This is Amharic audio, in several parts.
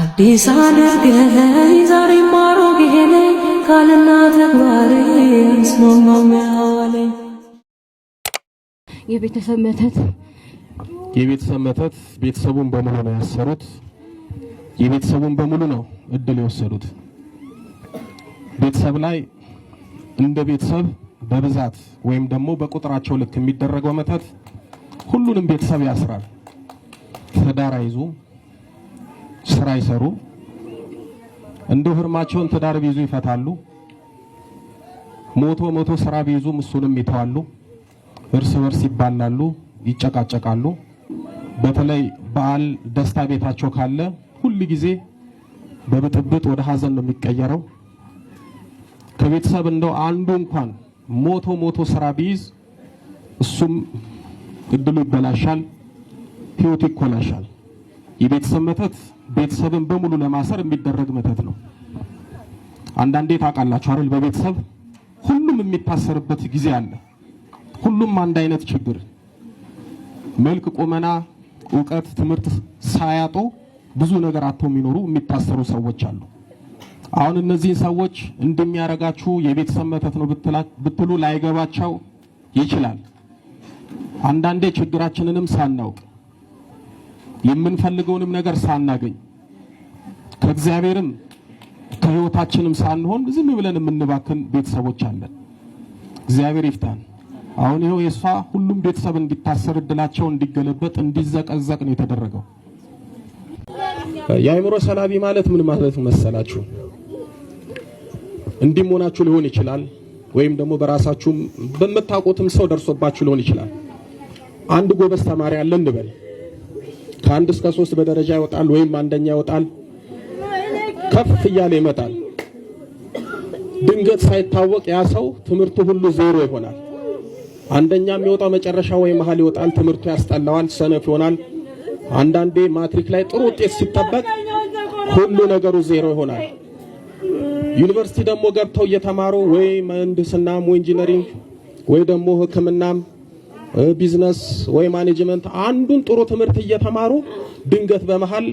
አዲስ አድርገኝ ዛሬ ማሮጌ ነኝ ቃልና ተግባሬ ያስማማው የቤተሰብ መተት የቤተሰብ መተት ቤተሰቡን በሙሉ ነው ያሰሩት። የቤተሰቡን በሙሉ ነው እድል የወሰዱት። ቤተሰብ ላይ እንደ ቤተሰብ በብዛት ወይም ደግሞ በቁጥራቸው ልክ የሚደረገው መተት ሁሉንም ቤተሰብ ያስራል። ትዳር አይዙ ስራ አይሰሩም። እንደው ህርማቸውን ትዳር ቢይዙ ይፈታሉ። ሞቶ ሞቶ ስራ ቢይዙ እሱንም ይተዋሉ። እርስ በርስ ይባላሉ፣ ይጨቃጨቃሉ። በተለይ በዓል ደስታ ቤታቸው ካለ ሁል ጊዜ በብጥብጥ ወደ ሀዘን ነው የሚቀየረው። ከቤተሰብ እንደው አንዱ እንኳን ሞቶ ሞቶ ስራ ቢይዝ እሱም እድሉ ይበላሻል፣ ህይወቱ ይኮላሻል። የቤተሰብ መተት ቤተሰብን በሙሉ ለማሰር የሚደረግ መተት ነው። አንዳንዴ ታውቃላችሁ አይደል? በቤተሰብ ሁሉም የሚታሰርበት ጊዜ አለ። ሁሉም አንድ አይነት ችግር፣ መልክ፣ ቁመና፣ እውቀት፣ ትምህርት ሳያጡ ብዙ ነገር አጥተው የሚኖሩ የሚታሰሩ ሰዎች አሉ። አሁን እነዚህን ሰዎች እንደሚያረጋችሁ የቤተሰብ መተት ነው ብትሉ ላይገባቸው ይችላል። አንዳንዴ ችግራችንንም ሳናውቅ የምንፈልገውንም ነገር ሳናገኝ ከእግዚአብሔርም ከህይወታችንም ሳንሆን ዝም ብለን የምንባክን ቤተሰቦች አለን። እግዚአብሔር ይፍታን። አሁን ይኸው የእሷ ሁሉም ቤተሰብ እንዲታሰር እድላቸው እንዲገለበጥ እንዲዘቀዘቅ ነው የተደረገው። የአእምሮ ሰላቢ ማለት ምን ማለት መሰላችሁ? እንዲህ መሆናችሁ ሊሆን ይችላል፣ ወይም ደግሞ በራሳችሁም በምታውቁትም ሰው ደርሶባችሁ ሊሆን ይችላል። አንድ ጎበዝ ተማሪ አለ እንበል። ከአንድ እስከ ሶስት በደረጃ ይወጣል፣ ወይም አንደኛ ይወጣል ከፍ እያለ ይመጣል። ድንገት ሳይታወቅ ያ ሰው ትምህርቱ ሁሉ ዜሮ ይሆናል። አንደኛ የሚወጣው መጨረሻ ወይ መሀል ይወጣል። ትምህርቱ ያስጠላዋል፣ ሰነፍ ይሆናል። አንዳንዴ ማትሪክ ላይ ጥሩ ውጤት ሲጠበቅ ሁሉ ነገሩ ዜሮ ይሆናል። ዩኒቨርሲቲ ደግሞ ገብተው እየተማሩ ወይ ምህንድስናም ወይ ኢንጂነሪንግ ወይ ደግሞ ሕክምናም ቢዝነስ ወይ ማኔጅመንት አንዱን ጥሩ ትምህርት እየተማሩ ድንገት በመሃል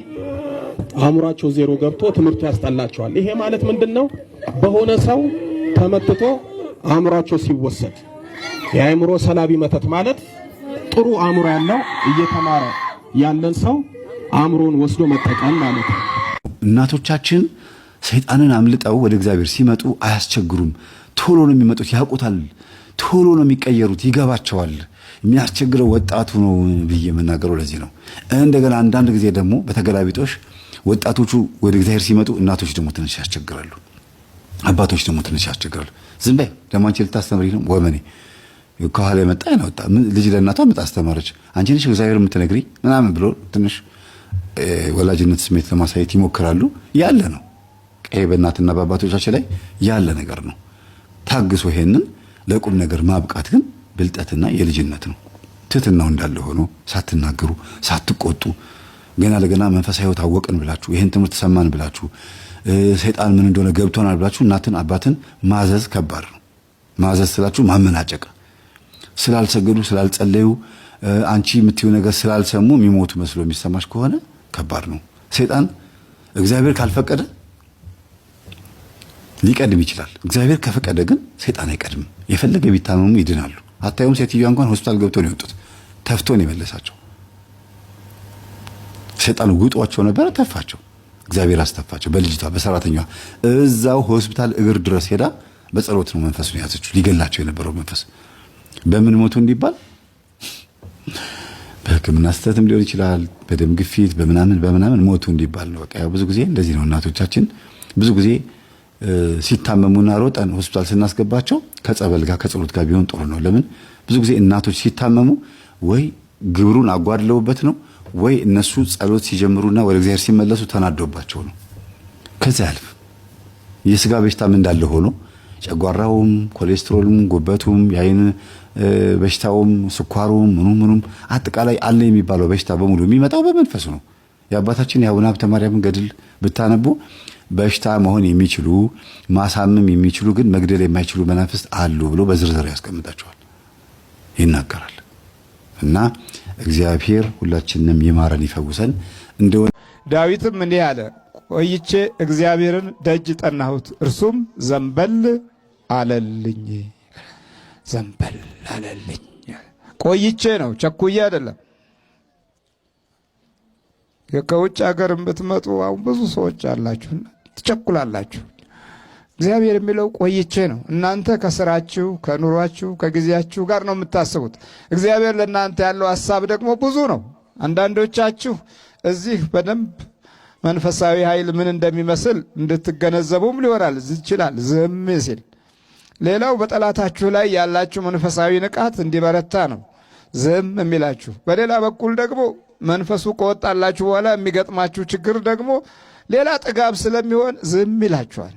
አእምሯቸው ዜሮ ገብቶ ትምህርቱ ያስጠላቸዋል። ይሄ ማለት ምንድን ነው? በሆነ ሰው ተመትቶ አእምሯቸው ሲወሰድ የአእምሮ ሰላቢ መተት ማለት ጥሩ አእምሮ ያለው እየተማረ ያለን ሰው አእምሮን ወስዶ መጠቀም ማለት ነው። እናቶቻችን ሰይጣንን አምልጠው ወደ እግዚአብሔር ሲመጡ አያስቸግሩም። ቶሎ ነው የሚመጡት፣ ያውቁታል። ቶሎ ነው የሚቀየሩት፣ ይገባቸዋል። የሚያስቸግረው ወጣቱ ነው ብዬ መናገሩ ለዚህ ነው። እንደገና አንዳንድ ጊዜ ደግሞ በተገላቢጦሽ ወጣቶቹ ወደ እግዚአብሔር ሲመጡ እናቶች ደግሞ ትንሽ ያስቸግራሉ፣ አባቶች ደግሞ ትንሽ ያስቸግራሉ። ዝም በይ ለማንቺ ልታስተምሪ ነው ወመኔ ከኋላ የመጣ ያናወጣ ልጅ ለእናቷ መጣ አስተማረች። አንቺ ነሽ እግዚአብሔር የምትነግሪ ምናምን ብሎ ትንሽ ወላጅነት ስሜት ለማሳየት ይሞክራሉ። ያለ ነው ይሄ በእናትና በአባቶቻችን ላይ ያለ ነገር ነው። ታግሶ ይሄንን ለቁም ነገር ማብቃት ግን ብልጠትና የልጅነት ነው። ትህትናው እንዳለ ሆኖ ሳትናገሩ ሳትቆጡ ገና ለገና መንፈሳዊ ሕይወት አወቅን ብላችሁ ይህን ትምህርት ሰማን ብላችሁ ሰይጣን ምን እንደሆነ ገብቶናል ብላችሁ እናትን አባትን ማዘዝ ከባድ ነው። ማዘዝ ስላችሁ ማመናጨቅ፣ ስላልሰገዱ ስላልጸለዩ አንቺ የምትይው ነገር ስላልሰሙ የሚሞቱ መስሎ የሚሰማሽ ከሆነ ከባድ ነው። ሰይጣን እግዚአብሔር ካልፈቀደ ሊቀድም ይችላል። እግዚአብሔር ከፈቀደ ግን ሰይጣን አይቀድምም። የፈለገ ቢታመሙ ይድናሉ። አታዩም? ሴትዮዋ እንኳን ሆስፒታል ገብቶ ነው የወጡት። ተፍቶ ነው የመለሳቸው። ሰይጣን ውጧቸው ነበረ። ተፋቸው፣ እግዚአብሔር አስተፋቸው። በልጅቷ በሰራተኛዋ እዛው ሆስፒታል እግር ድረስ ሄዳ በጸሎት ነው መንፈሱን ያዘችው። ሊገላቸው የነበረው መንፈስ። በምን ሞቱ እንዲባል በሕክምና ስህተትም ሊሆን ይችላል፣ በደም ግፊት በምናምን በምናምን ሞቱ እንዲባል ነው። በቃ ብዙ ጊዜ እንደዚህ ነው። እናቶቻችን ብዙ ጊዜ ሲታመሙና ሮጠን ሆስፒታል ስናስገባቸው ከጸበል ጋር ከጸሎት ጋር ቢሆን ጥሩ ነው። ለምን ብዙ ጊዜ እናቶች ሲታመሙ ወይ ግብሩን አጓድለውበት ነው ወይ እነሱ ጸሎት ሲጀምሩና ወደ እግዚአብሔር ሲመለሱ ተናዶባቸው ነው። ከዚያ ያልፍ የስጋ በሽታም እንዳለ ሆኖ ጨጓራውም፣ ኮሌስትሮልም፣ ጉበቱም፣ የአይን በሽታውም፣ ስኳሩም፣ ምኑም ምኑም አጠቃላይ አለ የሚባለው በሽታ በሙሉ የሚመጣው በመንፈስ ነው። የአባታችን የአቡነ ሀብተ ማርያምን ገድል ብታነቡ በሽታ መሆን የሚችሉ ማሳመም የሚችሉ ግን መግደል የማይችሉ መናፍስት አሉ ብሎ በዝርዝር ያስቀምጣቸዋል፣ ይናገራል እና እግዚአብሔር ሁላችንም ይማረን ይፈውሰን። እንደሆነ ዳዊትም እንዲህ አለ፣ ቆይቼ እግዚአብሔርን ደጅ ጠናሁት፣ እርሱም ዘንበል አለልኝ። ዘንበል አለልኝ። ቆይቼ ነው፣ ቸኩዬ አይደለም። ከውጭ ሀገር ብትመጡ አሁን ብዙ ሰዎች አላችሁ፣ ትቸኩላላችሁ። እግዚአብሔር የሚለው ቆይቼ ነው። እናንተ ከስራችሁ ከኑሯችሁ ከጊዜያችሁ ጋር ነው የምታስቡት። እግዚአብሔር ለእናንተ ያለው ሀሳብ ደግሞ ብዙ ነው። አንዳንዶቻችሁ እዚህ በደንብ መንፈሳዊ ኃይል ምን እንደሚመስል እንድትገነዘቡም ሊሆናል ይችላል ዝም ሲል። ሌላው በጠላታችሁ ላይ ያላችሁ መንፈሳዊ ንቃት እንዲበረታ ነው ዝም የሚላችሁ። በሌላ በኩል ደግሞ መንፈሱ ከወጣላችሁ በኋላ የሚገጥማችሁ ችግር ደግሞ ሌላ ጥጋብ ስለሚሆን ዝም ይላችኋል።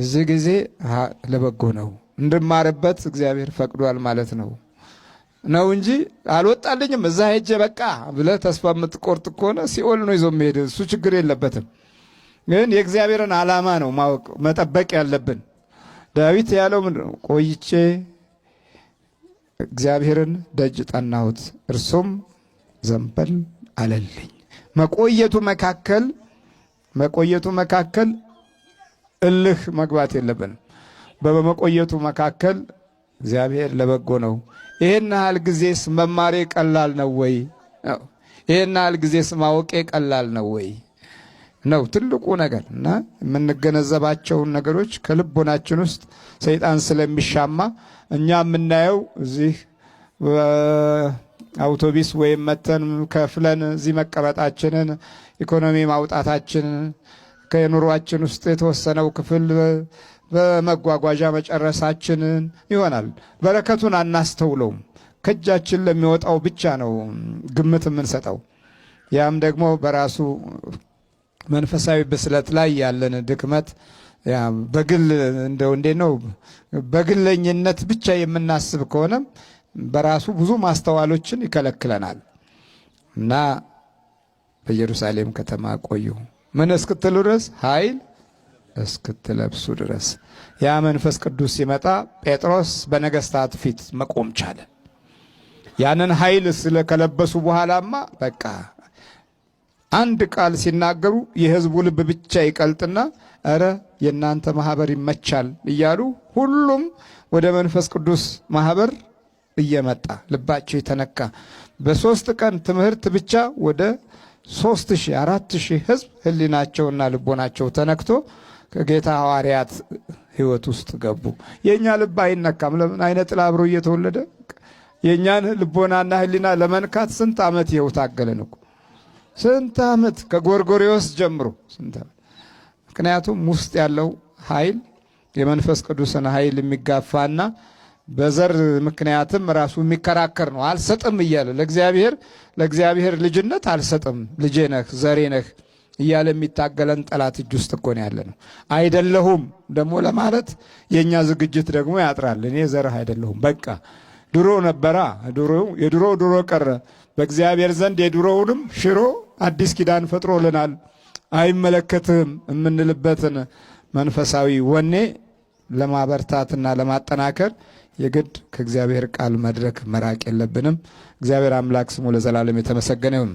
እዚህ ጊዜ ለበጎ ነው እንድማርበት እግዚአብሔር ፈቅዷል ማለት ነው ነው እንጂ አልወጣልኝም እዛ ሄጄ በቃ ብለህ ተስፋ የምትቆርጥ ከሆነ ሲኦል ነው ይዞ የሚሄድ እሱ ችግር የለበትም። ግን የእግዚአብሔርን ዓላማ ነው ማወቅ መጠበቅ ያለብን። ዳዊት ያለው ቆይቼ እግዚአብሔርን ደጅ ጠናሁት፣ እርሱም ዘንበል አለልኝ። መቆየቱ መካከል መቆየቱ መካከል እልህ መግባት የለብንም። በመቆየቱ መካከል እግዚአብሔር ለበጎ ነው። ይህን ያህል ጊዜስ መማሬ ቀላል ነው ወይ? ይህን ያህል ጊዜስ ማወቄ ቀላል ነው ወይ? ነው ትልቁ ነገር እና የምንገነዘባቸውን ነገሮች ከልቦናችን ውስጥ ሰይጣን ስለሚሻማ እኛ የምናየው እዚህ አውቶቢስ ወይም መተን ከፍለን እዚህ መቀመጣችንን ኢኮኖሚ ማውጣታችንን ከኑሯችን ውስጥ የተወሰነው ክፍል በመጓጓዣ መጨረሳችንን ይሆናል። በረከቱን አናስተውለውም። ከእጃችን ለሚወጣው ብቻ ነው ግምት የምንሰጠው። ያም ደግሞ በራሱ መንፈሳዊ ብስለት ላይ ያለን ድክመት በግል እንደው እንዴ ነው በግለኝነት ብቻ የምናስብ ከሆነ በራሱ ብዙ ማስተዋሎችን ይከለክለናል እና በኢየሩሳሌም ከተማ ቆዩ። ምን እስክትሉ ድረስ ኃይል እስክትለብሱ ድረስ ያ መንፈስ ቅዱስ ሲመጣ ጴጥሮስ በነገስታት ፊት መቆም ቻለ። ያንን ኃይል ስለከለበሱ በኋላማ በቃ አንድ ቃል ሲናገሩ የህዝቡ ልብ ብቻ ይቀልጥና እረ የእናንተ ማህበር ይመቻል እያሉ ሁሉም ወደ መንፈስ ቅዱስ ማህበር እየመጣ ልባቸው የተነካ በሶስት ቀን ትምህርት ብቻ ወደ ሶስት ሺህ አራት ሺህ ህዝብ ህሊናቸውና ልቦናቸው ተነክቶ ከጌታ ሐዋርያት ህይወት ውስጥ ገቡ። የእኛ ልብ አይነካም። ለምን? አይነ ጥላ አብሮ እየተወለደ የእኛን ልቦናና ህሊና ለመንካት ስንት ዓመት ይኸው ታገለን እኮ ስንት ዓመት ከጎርጎሪዎስ ጀምሮ ስንት ምክንያቱም ውስጥ ያለው ኃይል የመንፈስ ቅዱስን ኃይል የሚጋፋና በዘር ምክንያትም ራሱ የሚከራከር ነው። አልሰጥም እያለ ለእግዚአብሔር ለእግዚአብሔር ልጅነት አልሰጥም፣ ልጄ ነህ፣ ዘሬ ነህ እያለ የሚታገለን ጠላት እጅ ውስጥ እኮ ነው ያለ ነው። አይደለሁም ደግሞ ለማለት የእኛ ዝግጅት ደግሞ ያጥራል። እኔ ዘርህ አይደለሁም በቃ ድሮ ነበራ የድሮ ድሮ ቀረ። በእግዚአብሔር ዘንድ የድሮውንም ሽሮ አዲስ ኪዳን ፈጥሮልናል። አይመለከትህም የምንልበትን መንፈሳዊ ወኔ ለማበርታትና ለማጠናከር የግድ ከእግዚአብሔር ቃል መድረክ መራቅ የለብንም። እግዚአብሔር አምላክ ስሙ ለዘላለም የተመሰገነ ይሁን።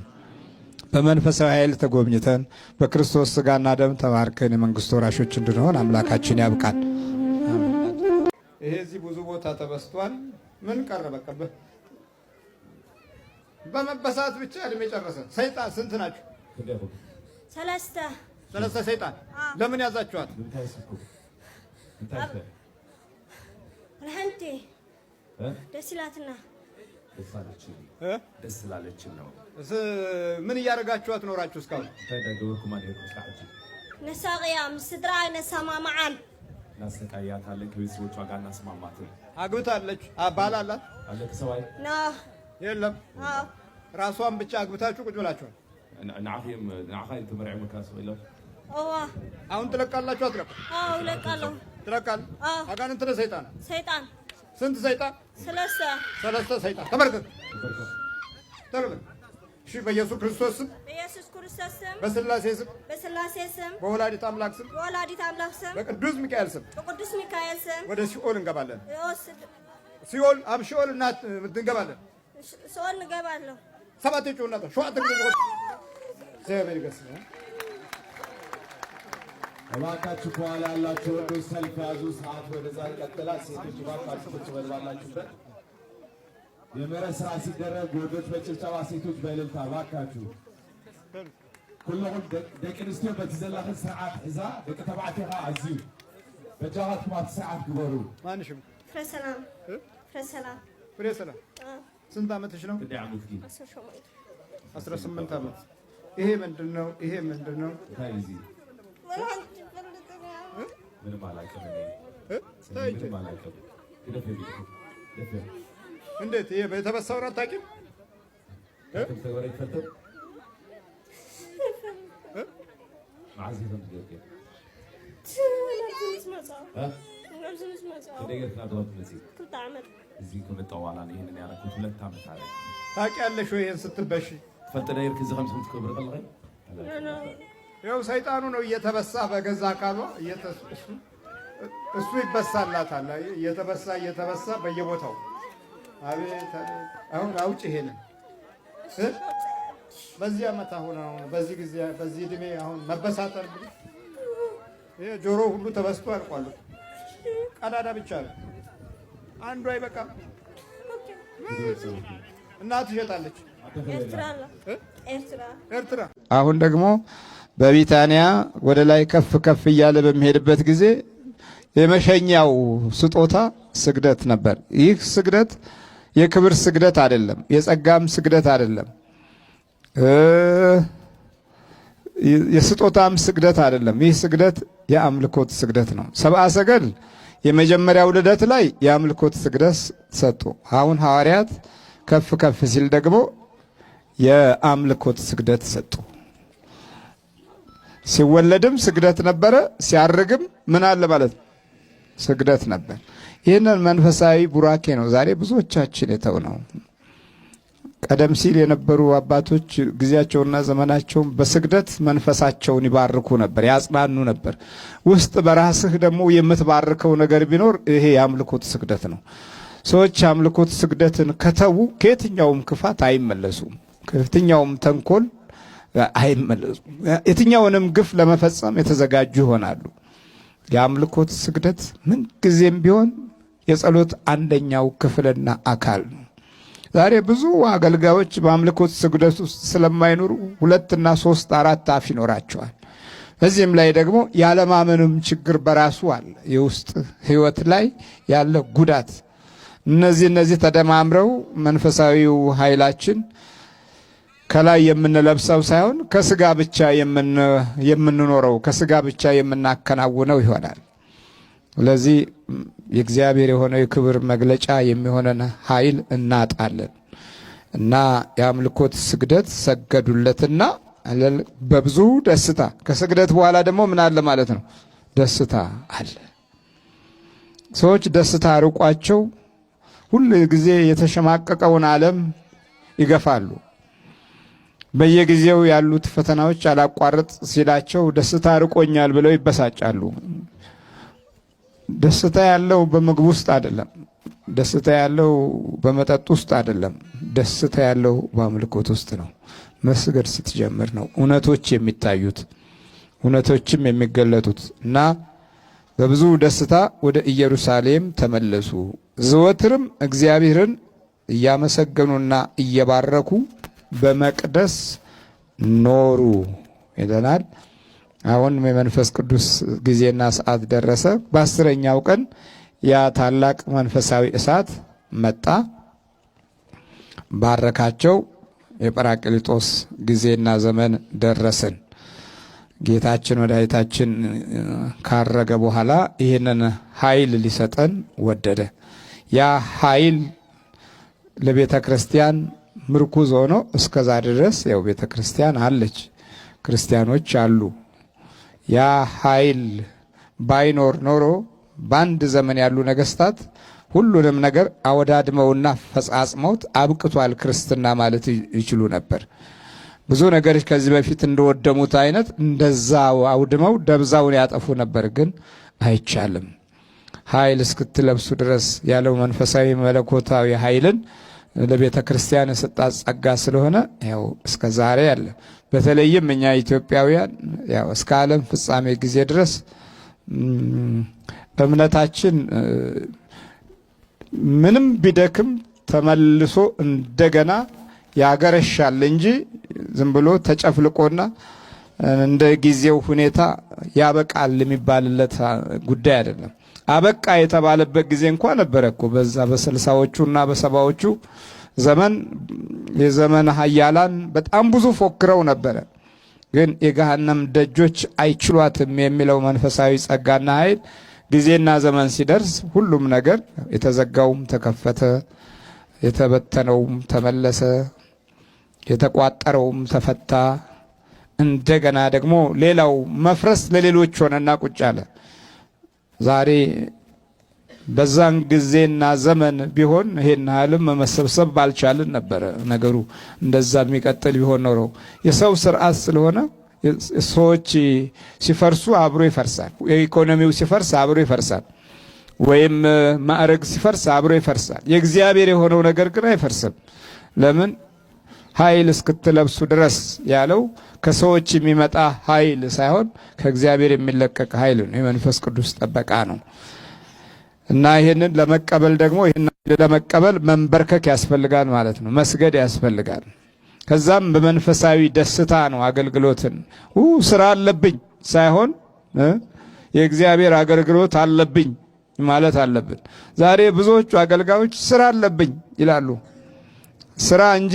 በመንፈሳዊ ኃይል ተጎብኝተን በክርስቶስ ስጋና ደም ተባርከን የመንግስት ወራሾች እንድንሆን አምላካችን ያብቃል። ይሄ እዚህ ብዙ ቦታ ተበስቷል። ምን ቀረ? በቃ በመበሳት ብቻ እድሜ ጨረሰ። ሰይጣን ስንት ናቸው? ሰለስተ ሰለስተ ሰይጣን ለምን ያዛችኋል? ለአንቴ ደስ ይላትና ደስ ላለችን ነው። ምን እያደረጋችኋት ኖራችሁ እስካሁን? ነሳቅያ ምስ ነሰማማዓን እናሰቃያታለን። ከቤተሰቦቿ ጋር እናስማማት። አግብታለች? ባል አላት? የለም። ራሷን ብቻ አግብታችሁ ቁጭ ብላችኋል? አሁን ትለቃላችሁ? አትለቁ? እለቃለሁ ትረቃለህ። አጋንንት ነህ፣ ሰይጣን ሰይጣን። ስንት ሰይጣን? ሰለስተ ሰለስተ ሰይጣን። ተመልከት ተመልከት። እሺ፣ በኢየሱስ ክርስቶስ ስም፣ በኢየሱስ ክርስቶስ ስም፣ በስላሴ ስም፣ በስላሴ ስም፣ በወላዲት አምላክ ስም፣ በወላዲት አምላክ ስም፣ በቅዱስ ሚካኤል ስም፣ በቅዱስ ሚካኤል ስም ወደ ሲኦል እንገባለን። ሲኦል አብ ሲኦል እና እንገባለን። ሲኦል እንገባለሁ። ሰባት የጮህ እናት ሸዋ ትግል እባካችሁ ከኋላ ያላችሁ ወንዶች ሰልፍ ያዙ። ሰዓት ወደዛ ይቀጥላል። ሴቶች እባካችሁ ቁጭ በል ባላችሁበት። የምህረት ስራ ሲደረግ ወንዶች በጭብጨባ ሴቶች በእልልታ እባካችሁ ኩልኹም ደቂ ኣንስትዮ በቲ ዘለኽን ስርዓት ሒዛ ደቂ ተባዕትዮ ከዓ ኣዝዩ በጃኻትኩም ስርዓት ግበሩ። ማንሽም ፍረሰላም ፍረሰላም ስንት ዓመትሽ ነው? ክንደይ ዓመት አስራ ስምንት ዓመት ይሄ ምንድን ነው? ይሄ ምንድን ነው? ምንም አላውቅም። እንዴት ይሄ የተበሳውን አታውቂም? እዚህ ከመጣሁ በኋላ ነው ይሄንን ያደረኩት። ሁለት ዓመት አለ። ታውቂያለሽ ወይ ይሄን ስትበሽ ፈጥነ ይርክ ዝኸም ስምትከብር ቀልኸኝ ያው ሰይጣኑ ነው እየተበሳ በገዛ አካሏ እሱ ይበሳላታል። እየተበሳ እየተበሳ በየቦታው አቤት አሁን አውጭ ይሄንን በዚህ ዓመት አሁን አሁን በዚህ ጊዜ በዚህ እድሜ አሁን መበሳተር ጆሮ ሁሉ ተበስቶ አልቋል። ቀዳዳ ብቻ ነው አንዱ አይበቃም። እናት ትሸጣለች። ኤርትራ አሁን ደግሞ በቢታንያ ወደ ላይ ከፍ ከፍ እያለ በሚሄድበት ጊዜ የመሸኛው ስጦታ ስግደት ነበር። ይህ ስግደት የክብር ስግደት አይደለም፣ የጸጋም ስግደት አይደለም፣ የስጦታም ስግደት አይደለም። ይህ ስግደት የአምልኮት ስግደት ነው። ሰብአ ሰገል የመጀመሪያው ልደት ላይ የአምልኮት ስግደት ሰጡ። አሁን ሐዋርያት ከፍ ከፍ ሲል ደግሞ የአምልኮት ስግደት ሰጡ። ሲወለድም ስግደት ነበረ፣ ሲያርግም ምን አለ ማለት ስግደት ነበር። ይህንን መንፈሳዊ ቡራኬ ነው ዛሬ ብዙዎቻችን የተው ነው። ቀደም ሲል የነበሩ አባቶች ጊዜያቸውና ዘመናቸውን በስግደት መንፈሳቸውን ይባርኩ ነበር፣ ያጽናኑ ነበር። ውስጥ በራስህ ደግሞ የምትባርከው ነገር ቢኖር ይሄ የአምልኮት ስግደት ነው። ሰዎች የአምልኮት ስግደትን ከተዉ ከየትኛውም ክፋት አይመለሱም፣ ከየትኛውም ተንኮል አይመለሱም። የትኛውንም ግፍ ለመፈጸም የተዘጋጁ ይሆናሉ። የአምልኮት ስግደት ምንጊዜም ቢሆን የጸሎት አንደኛው ክፍልና አካል ነው። ዛሬ ብዙ አገልጋዮች በአምልኮት ስግደት ውስጥ ስለማይኖሩ ሁለትና ሶስት አራት አፍ ይኖራቸዋል። በዚህም ላይ ደግሞ ያለማመንም ችግር በራሱ አለ። የውስጥ ህይወት ላይ ያለ ጉዳት እነዚህ እነዚህ ተደማምረው መንፈሳዊው ኃይላችን ከላይ የምንለብሰው ሳይሆን ከስጋ ብቻ የምንኖረው ከስጋ ብቻ የምናከናውነው ይሆናል። ስለዚህ የእግዚአብሔር የሆነ የክብር መግለጫ የሚሆነን ኃይል እናጣለን እና የአምልኮት ስግደት ሰገዱለትና በብዙ ደስታ ከስግደት በኋላ ደግሞ ምን አለ ማለት ነው? ደስታ አለ። ሰዎች ደስታ ርቋቸው ሁል ጊዜ የተሸማቀቀውን ዓለም ይገፋሉ። በየጊዜው ያሉት ፈተናዎች አላቋርጥ ሲላቸው ደስታ ርቆኛል ብለው ይበሳጫሉ። ደስታ ያለው በምግብ ውስጥ አይደለም። ደስታ ያለው በመጠጥ ውስጥ አይደለም። ደስታ ያለው በአምልኮት ውስጥ ነው። መስገድ ስትጀምር ነው እውነቶች የሚታዩት እውነቶችም የሚገለጡት እና በብዙ ደስታ ወደ ኢየሩሳሌም ተመለሱ። ዘወትርም እግዚአብሔርን እያመሰገኑና እየባረኩ በመቅደስ ኖሩ ይለናል። አሁን የመንፈስ ቅዱስ ጊዜና ሰዓት ደረሰ። በአስረኛው ቀን ያ ታላቅ መንፈሳዊ እሳት መጣ፣ ባረካቸው። የጰራቅሊጦስ ጊዜና ዘመን ደረስን። ጌታችን መድኃኒታችን ካረገ በኋላ ይህንን ኃይል ሊሰጠን ወደደ። ያ ኃይል ለቤተ ክርስቲያን ምርኩዝ ሆኖ እስከዛ ድረስ ያው ቤተ ክርስቲያን አለች፣ ክርስቲያኖች አሉ። ያ ኃይል ባይኖር ኖሮ በአንድ ዘመን ያሉ ነገስታት ሁሉንም ነገር አወዳድመውና ፈጻጽመውት አብቅቷል ክርስትና ማለት ይችሉ ነበር። ብዙ ነገሮች ከዚህ በፊት እንደወደሙት አይነት እንደዛ አውድመው ደብዛውን ያጠፉ ነበር። ግን አይቻልም። ኃይል እስክትለብሱ ድረስ ያለው መንፈሳዊ መለኮታዊ ኃይልን ለቤተ ክርስቲያን የሰጣት ጸጋ ስለሆነ ያው እስከ ዛሬ ያለ በተለይም እኛ ኢትዮጵያውያን ያው እስከ ዓለም ፍጻሜ ጊዜ ድረስ እምነታችን ምንም ቢደክም ተመልሶ እንደገና ያገረሻል እንጂ ዝም ብሎ ተጨፍልቆና እንደ ጊዜው ሁኔታ ያበቃል የሚባልለት ጉዳይ አይደለም። አበቃ የተባለበት ጊዜ እንኳ ነበረ እኮ በዛ በስልሳዎቹ እና በሰባዎቹ ዘመን የዘመን ሀያላን በጣም ብዙ ፎክረው ነበረ። ግን የገሃነም ደጆች አይችሏትም የሚለው መንፈሳዊ ጸጋና ኃይል ጊዜና ዘመን ሲደርስ ሁሉም ነገር የተዘጋውም ተከፈተ፣ የተበተነውም ተመለሰ፣ የተቋጠረውም ተፈታ። እንደገና ደግሞ ሌላው መፍረስ ለሌሎች ሆነና ቁጭ አለ። ዛሬ በዛን ጊዜና ዘመን ቢሆን ይሄን ያህልም መሰብሰብ ባልቻልን ነበረ ነገሩ። እንደዛ የሚቀጥል ቢሆን ኖሮ የሰው ስርዓት ስለሆነ ሰዎች ሲፈርሱ አብሮ ይፈርሳል። የኢኮኖሚው ሲፈርስ አብሮ ይፈርሳል። ወይም ማዕረግ ሲፈርስ አብሮ ይፈርሳል። የእግዚአብሔር የሆነው ነገር ግን አይፈርስም። ለምን ኃይል እስክትለብሱ ድረስ ያለው ከሰዎች የሚመጣ ኃይል ሳይሆን ከእግዚአብሔር የሚለቀቅ ኃይል ነው። የመንፈስ ቅዱስ ጠበቃ ነው እና ይህንን ለመቀበል ደግሞ ይህን ለመቀበል መንበርከክ ያስፈልጋል ማለት ነው። መስገድ ያስፈልጋል። ከዛም በመንፈሳዊ ደስታ ነው አገልግሎትን ስራ አለብኝ ሳይሆን የእግዚአብሔር አገልግሎት አለብኝ ማለት አለብን። ዛሬ ብዙዎቹ አገልጋዮች ስራ አለብኝ ይላሉ። ስራ እንጂ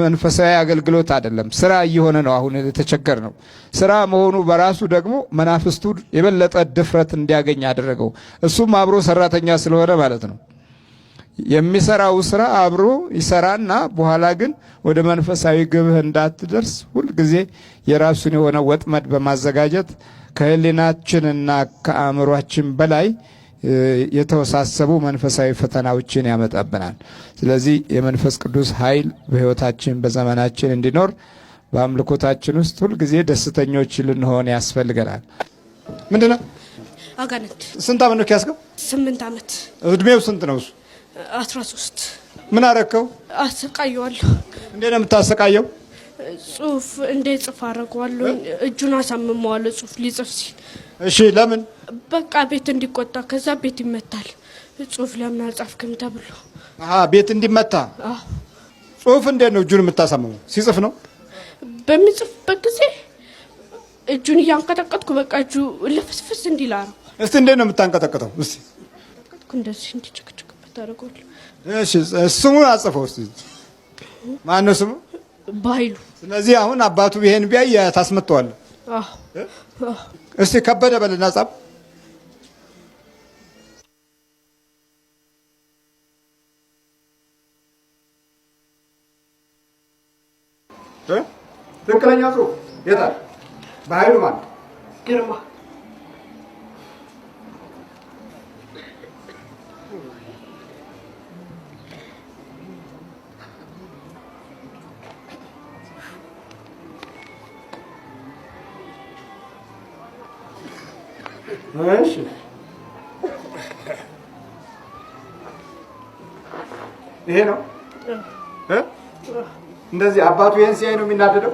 መንፈሳዊ አገልግሎት አይደለም። ስራ እየሆነ ነው አሁን የተቸገር ነው። ስራ መሆኑ በራሱ ደግሞ መናፍስቱ የበለጠ ድፍረት እንዲያገኝ አደረገው። እሱም አብሮ ሰራተኛ ስለሆነ ማለት ነው። የሚሰራው ስራ አብሮ ይሰራና በኋላ ግን ወደ መንፈሳዊ ግብህ እንዳትደርስ ሁልጊዜ የራሱን የሆነ ወጥመድ በማዘጋጀት ከህሊናችንና ከአእምሯችን በላይ የተወሳሰቡ መንፈሳዊ ፈተናዎችን ያመጣብናል። ስለዚህ የመንፈስ ቅዱስ ኃይል በሕይወታችን በዘመናችን እንዲኖር በአምልኮታችን ውስጥ ሁልጊዜ ደስተኞች ልንሆን ያስፈልገናል። ምንድን ነው? አጋነት? ስንት ዓመት ነው ኪያስገው? ስምንት ዓመት እድሜው ስንት ነው እሱ? አስራ ሶስት ምን አረከው? አሰቃየዋለሁ። እንዴ ነው የምታሰቃየው? ጽሁፍ እንዴ ጽፍ አረገዋለሁ። እጁን አሳምመዋለሁ ጽሁፍ ሊጽፍ ሲል። እሺ ለምን በቃ ቤት እንዲቆጣ ከዛ ቤት ይመታል። ጽሁፍ ለምን አልጻፍክም ተብሎ ቤት እንዲመታ። ጽሁፍ እንዴት ነው እጁን የምታሳምሙ? ሲጽፍ ነው። በሚጽፍበት ጊዜ እጁን እያንቀጠቀጥኩ በቃ እጁ ልፍስፍስ እንዲላ ነው። እስቲ እንዴት ነው የምታንቀጠቅጠው? እስቲ እንደዚህ እንዲጭቅጭቅበት አደረገዋለሁ። እሺ ስሙን አጽፈው እስቲ። ማነው ስሙ? ባይሉ። ስለዚህ አሁን አባቱ ይሄን ቢያይ ታስመጥተዋለህ። እስቲ ከበደ በልና ጻፍ ትክክለኛ ጽሁፍ የታ? በሀይሉ ማን ግርማ እሺ ይሄ ነው። እንደዚህ አባቱ ይሄን ሲያይ ነው የሚናደደው።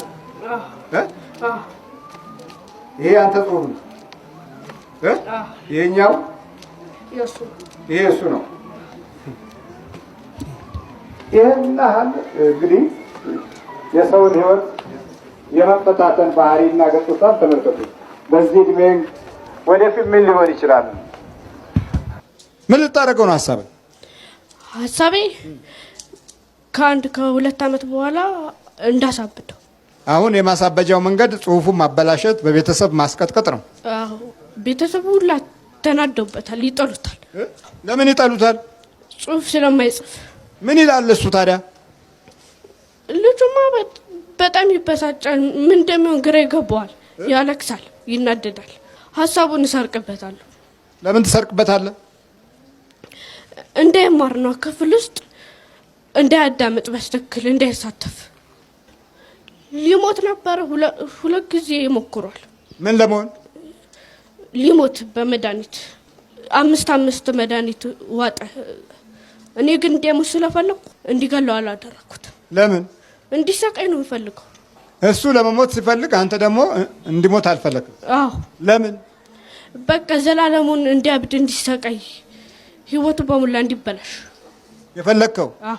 ይሄ አንተ ጾም ነው፣ ይሄኛው ይሄ እሱ ነው። ይህን ያህል እንግዲህ የሰውን ህይወት የመፈታተን ባህሪና ገጽታን ተመልከቱ። በዚህ እድሜ ወደፊት ምን ሊሆን ይችላል? ምን ልታደርገው ነው ሀሳብህ? ሀሳቤ ከአንድ ከሁለት ዓመት በኋላ እንዳሳብደው። አሁን የማሳበጃው መንገድ ጽሁፉን ማበላሸት፣ በቤተሰብ ማስቀጥቀጥ ነው። ቤተሰቡ ሁላ ተናደውበታል፣ ይጠሉታል። ለምን ይጠሉታል? ጽሁፍ ስለማይጽፍ። ምን ይላል እሱ ታዲያ? ልጁማ በጣም ይበሳጫል። ምን እንደሚሆን ግራ ይገባዋል። ያለቅሳል፣ ይናደዳል። ሀሳቡን እሰርቅበታለሁ። ለምን ትሰርቅበታለህ? እንዳይማር ነው ክፍል ውስጥ እንዳያዳምጥ በትክክል እንዳይሳተፍ ሊሞት ነበረ። ሁለት ጊዜ ይሞክሯል። ምን ለመሆን ሊሞት በመድኃኒት አምስት አምስት መድኃኒት ዋጠ። እኔ ግን ደሙ ስለፈለኩ እንዲገለው አላደረኩት። ለምን እንዲሰቃይ ነው የምፈልገው። እሱ ለመሞት ሲፈልግ፣ አንተ ደግሞ እንዲሞት አልፈለግም። አዎ ለምን? በቃ ዘላለሙን እንዲያብድ፣ እንዲሰቃይ፣ ህይወቱ በሙላ እንዲበላሽ የፈለግከው? አዎ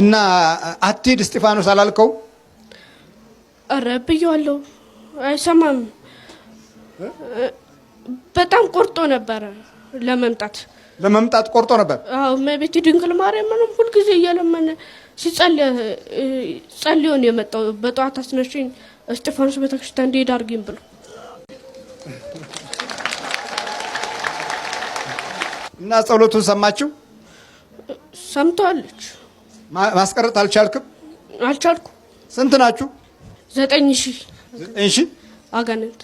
እና አትሂድ እስጢፋኖስ አላልከው? ኧረ ብየዋለሁ፣ አይሰማም። በጣም ቆርጦ ነበረ ለመምጣት ለመምጣት ቆርጦ ነበር። አዎ እመቤቴ ድንግል ማርያም ምንም ሁልጊዜ እየለመነ ሲጸልይ ጸልዮን የመጣው በጠዋት አስነሽኝ እስጢፋኖስ ቤተክርስቲያን እንዲሄድ አድርጊኝ ብሎ እና ጸሎቱን ሰማችሁ? ሰምተዋለች። ማስቀረጥ አልቻልክም? አልቻልኩ። ስንት ናችሁ? ዘጠኝ ሺህ ዘጠኝ ሺህ አጋንንት።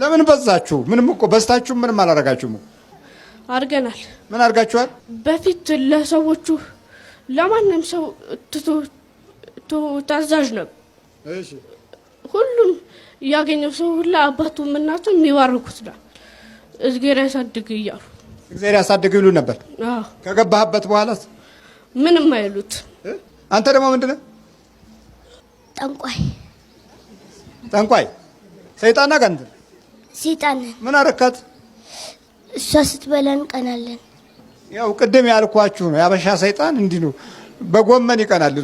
ለምን በዛችሁ? ምንም እኮ በዝታችሁ ምንም አላረጋችሁም። አድርገናል። ምን አድርጋችኋል? በፊት ለሰዎቹ ለማንም ሰው ታዛዥ ነው። ሁሉም ያገኘው ሰው ሁላ አባቱም እናቱም የሚባርኩት ነው። እግዜር ያሳድግ እያሉ እግዜር ያሳድግ ይሉ ነበር። ከገባህበት በኋላስ ምንም አይሉት። አንተ ደግሞ ምንድነህ? ጠንቋይ ጠንቋይ ሰይጣና ጋንት ሰይጣን ምን አረካት? እሷ ስትበላን ቀናለን። ያው ቅድም ያልኳችሁ ነው። ያበሻ ሰይጣን እንዲህ ነው፣ በጎመን ይቀናል።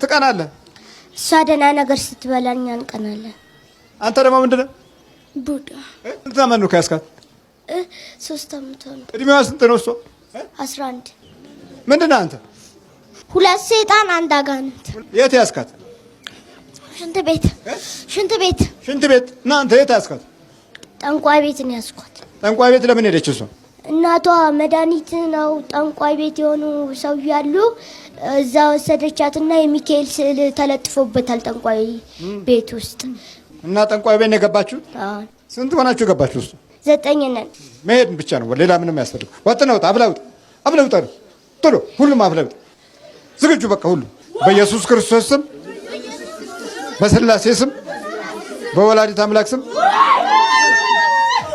ትቀናለህ። እሷ ደህና ነገር ስትበላን እኛ እንቀናለን። አንተ ደግሞ ምንድነህ? ቡዳ እንትን ዘመን ነው ከያስካት ሶስት አመቷ ነው። እድሜዋ ስንት ነው? እሷ አስራ አንድ ምንድነህ አንተ ሁለት ሰይጣን አንድ አጋንንት። የት ያስካት? ሽንት ቤት ሽንት ቤት ሽንት ቤት። እና አንተ የት ያስካት? ጠንቋይ ቤት ነው ያስኳት። ጠንቋይ ቤት ለምን ሄደች እሷ? እናቷ መድኃኒት ነው ጠንቋይ ቤት የሆኑ ሰው ያሉ እዛ ወሰደቻት እና የሚካኤል ስዕል ተለጥፎበታል ጠንቋይ ቤት ውስጥ እና ጠንቋይ ቤት ነው የገባችሁ? ስንት ሆናችሁ የገባችሁ እሱ ዘጠኝ ነን። መሄድ ብቻ ነው ሌላ ምንም ያስፈልግ። ወጥ ነው አብለውጥ አብለውጥ ነው ጥሎ ሁሉም አብለውጥ ዝግጁ በቃ ሁሉ በኢየሱስ ክርስቶስ ስም፣ በስላሴ ስም፣ በወላዲት አምላክ ስም፣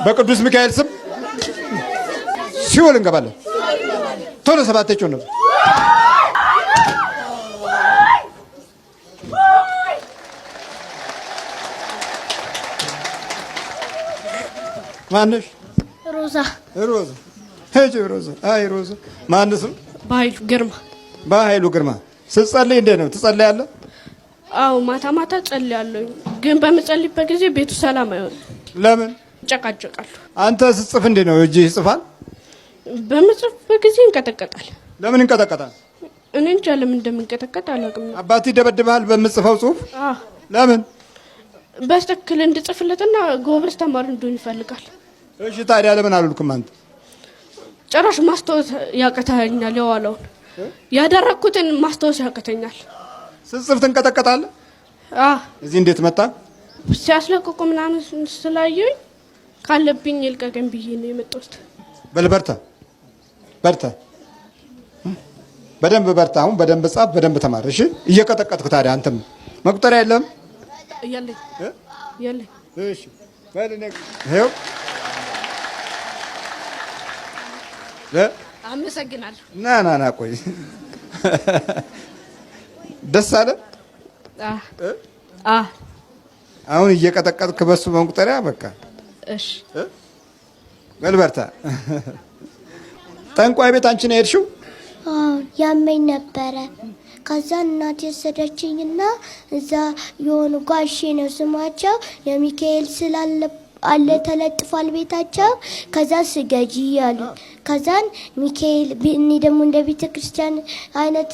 በቅዱስ ሚካኤል ስም ሲውል እንገባለን። ቶሎ ሰባታችሁ ነው። ማነሽ? ሮዛ ሮዛ። ሄጂ ሮዛ። አይ ሮዛ። ማንስ? ባይሉ ግርማ በኃይሉ ግርማ ስትጸልይ እንዴት ነው ትጸልያለህ? አዎ ማታ ማታ ጸልያለሁ፣ ግን በምጸልይበት ጊዜ ቤቱ ሰላም አይሆንም። ለምን? ይጨቃጨቃሉ። አንተ ስትጽፍ እንዴት ነው? እጅ ይጽፋል? በምጽፍበት ጊዜ እንቀጠቀጣል። ለምን እንቀጠቀጣል? እኔ እንጃ ለምን እንደምንቀጠቀጥ አላውቅም። አባትህ ይደበድብሃል በምጽፈው ጽሁፍ? ለምን? በስተክል እንድጽፍለትና ጎበዝ ተማሪ እንዲሆን ይፈልጋል። እሺ ታዲያ ለምን አሉልኩም? አንተ ጭራሽ ማስታወስ ያቅተኛል የዋለውን ያደረግኩትን ማስታወስ ያቅተኛል። ስጽፍ ትንቀጠቀጣለህ። እዚህ እንዴት መጣ? ሲያስለቅቁ ምናምን ስላየኝ ካለብኝ ይልቀቅም ብዬ ነው የመጣሁት። በል በርታ፣ በርታ፣ በደንብ በርታ። አሁን በደንብ ጻፍ፣ በደንብ ተማር። እሺ፣ እየቀጠቀጥኩ ታዲያ። አንተም መቁጠሪያ የለም? የለኝ፣ የለኝ። እሺ በል አመሰግናለሁ። ና ና ና ቆይ ደስ አለ። አሁን እየቀጠቀጥክ በሱ መቁጠሪያ በቃ እሺ። በልበርታ ጠንቋይ ቤት አንቺ ነው የሄድሽው? ያመኝ ነበረ። ከዛ እናት ወሰደችኝና እዛ የሆኑ ጓሼ ነው ስማቸው የሚካኤል ስላለ አለ ተለጥፏል ቤታቸው። ከዛ ስገጂ ያሉ ከዛን ሚካኤል እኔ ደግሞ እንደ ቤተ ክርስቲያን አይነት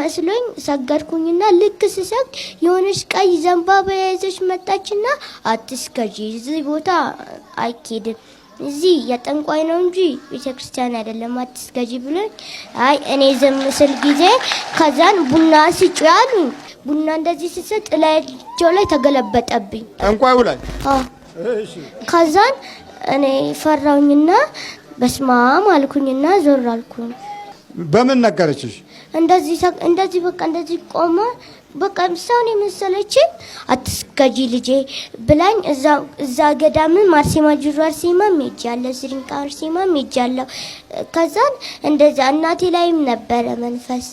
መስሎኝ ሰገድኩኝና ልክ ስሰግድ የሆነች ቀይ ዘንባባ የያዘች መጣችና አትስገጂ፣ እዚህ ቦታ አይኬድም፣ እዚህ የጠንቋይ ነው እንጂ ቤተ ክርስቲያን አይደለም፣ አትስገጂ ብሎኝ አይ እኔ ዝም ስል ጊዜ ከዛን ቡና ሲጩ ያሉኝ ቡና እንደዚህ ስሰጥ እላያቸው ላይ ተገለበጠብኝ ጠንቋዩ ላይ አዎ። ከዛን እኔ ፈራውኝና በስማም አልኩኝና ዞር አልኩኝ። በምን ነገረችሽ? እንደዚህ እንደዚህ በቃ እንደዚህ ቆመ በቃ ምሳውን የመሰለችን አትስገጂ ልጄ ብላኝ እዛ ገዳም አርሴማ ጅሩ አርሴማም ሄጃለሁ፣ ስሪንቃ አርሴማም ሄጃለሁ። ከዛን እንደዛ እናቴ ላይም ነበረ መንፈስ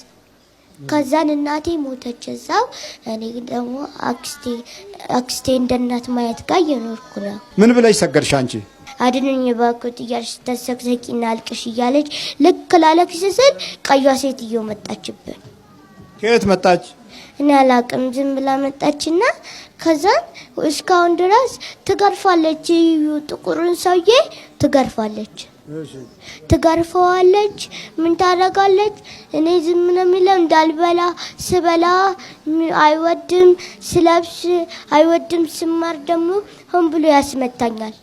ከዛን እናቴ ሞተች እዛው። እኔ ደግሞ አክስቴ አክስቴ እንደ እናት ማየት ጋር እየኖርኩ ነው። ምን ብለሽ ሰገድሽ አንቺ? አድነኝ የባኩት እያለች ተሰቅሰቂና አልቅሽ እያለች ልክ ላለቅሽ ስል ቀዩ ሴትዮ መጣችብን። ከየት መጣች? እኔ አላቅም። ዝም ብላ መጣችና ከዛን እስካሁን ድረስ ትገርፋለች። ይዩ ጥቁሩን ሰውዬ ትገርፋለች። ትገርፈዋለች። ምን ታደርጋለች? እኔ ዝም ነው የሚለው። እንዳልበላ ስበላ አይወድም፣ ስለብስ አይወድም፣ ስማር ደግሞ ሆን ብሎ ያስመታኛል።